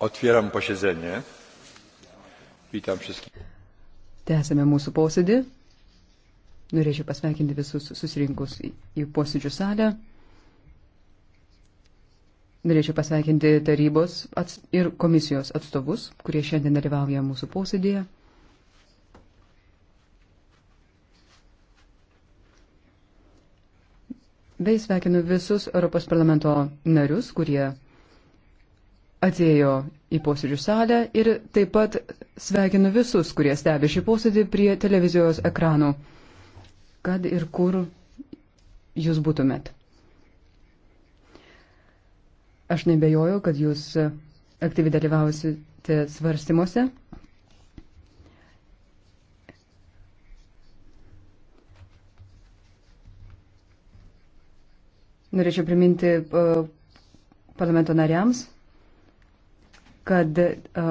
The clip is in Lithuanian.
Otvieram posiedzenie. Witam wszystkich. Tęsėme mūsų posėdį. Norėčiau pasveikinti visus susirinkus į posėdžių salę. Norėčiau pasveikinti tarybos ir komisijos atstovus, kurie šiandien dalyvauja mūsų posėdėje. Bei sveikinu visus Europos parlamento narius, kurie atėjo į posėdžių salę ir taip pat sveikinu visus, kurie stebi šį posėdį prie televizijos ekranų, kad ir kur jūs būtumėt. Aš nebejoju, kad jūs aktyviai dalyvausite svarstymuose. Norėčiau priminti uh, parlamento nariams, kad